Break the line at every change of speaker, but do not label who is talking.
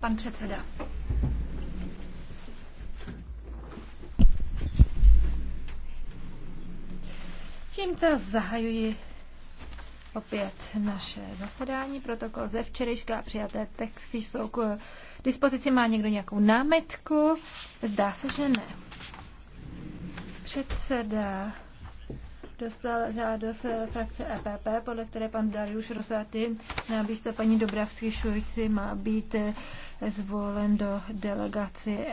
Pan předseda.
Tímto zahajuji opět naše zasedání. Protokol ze včerejška přijaté texty jsou k dispozici. Má někdo nějakou námetku? Zdá se, že ne. Předseda dostal žádost eh, frakce EPP, podle které pan Darius Rosaty, nábížce paní Dobravský Šujci, má být eh,
zvolen do delegaci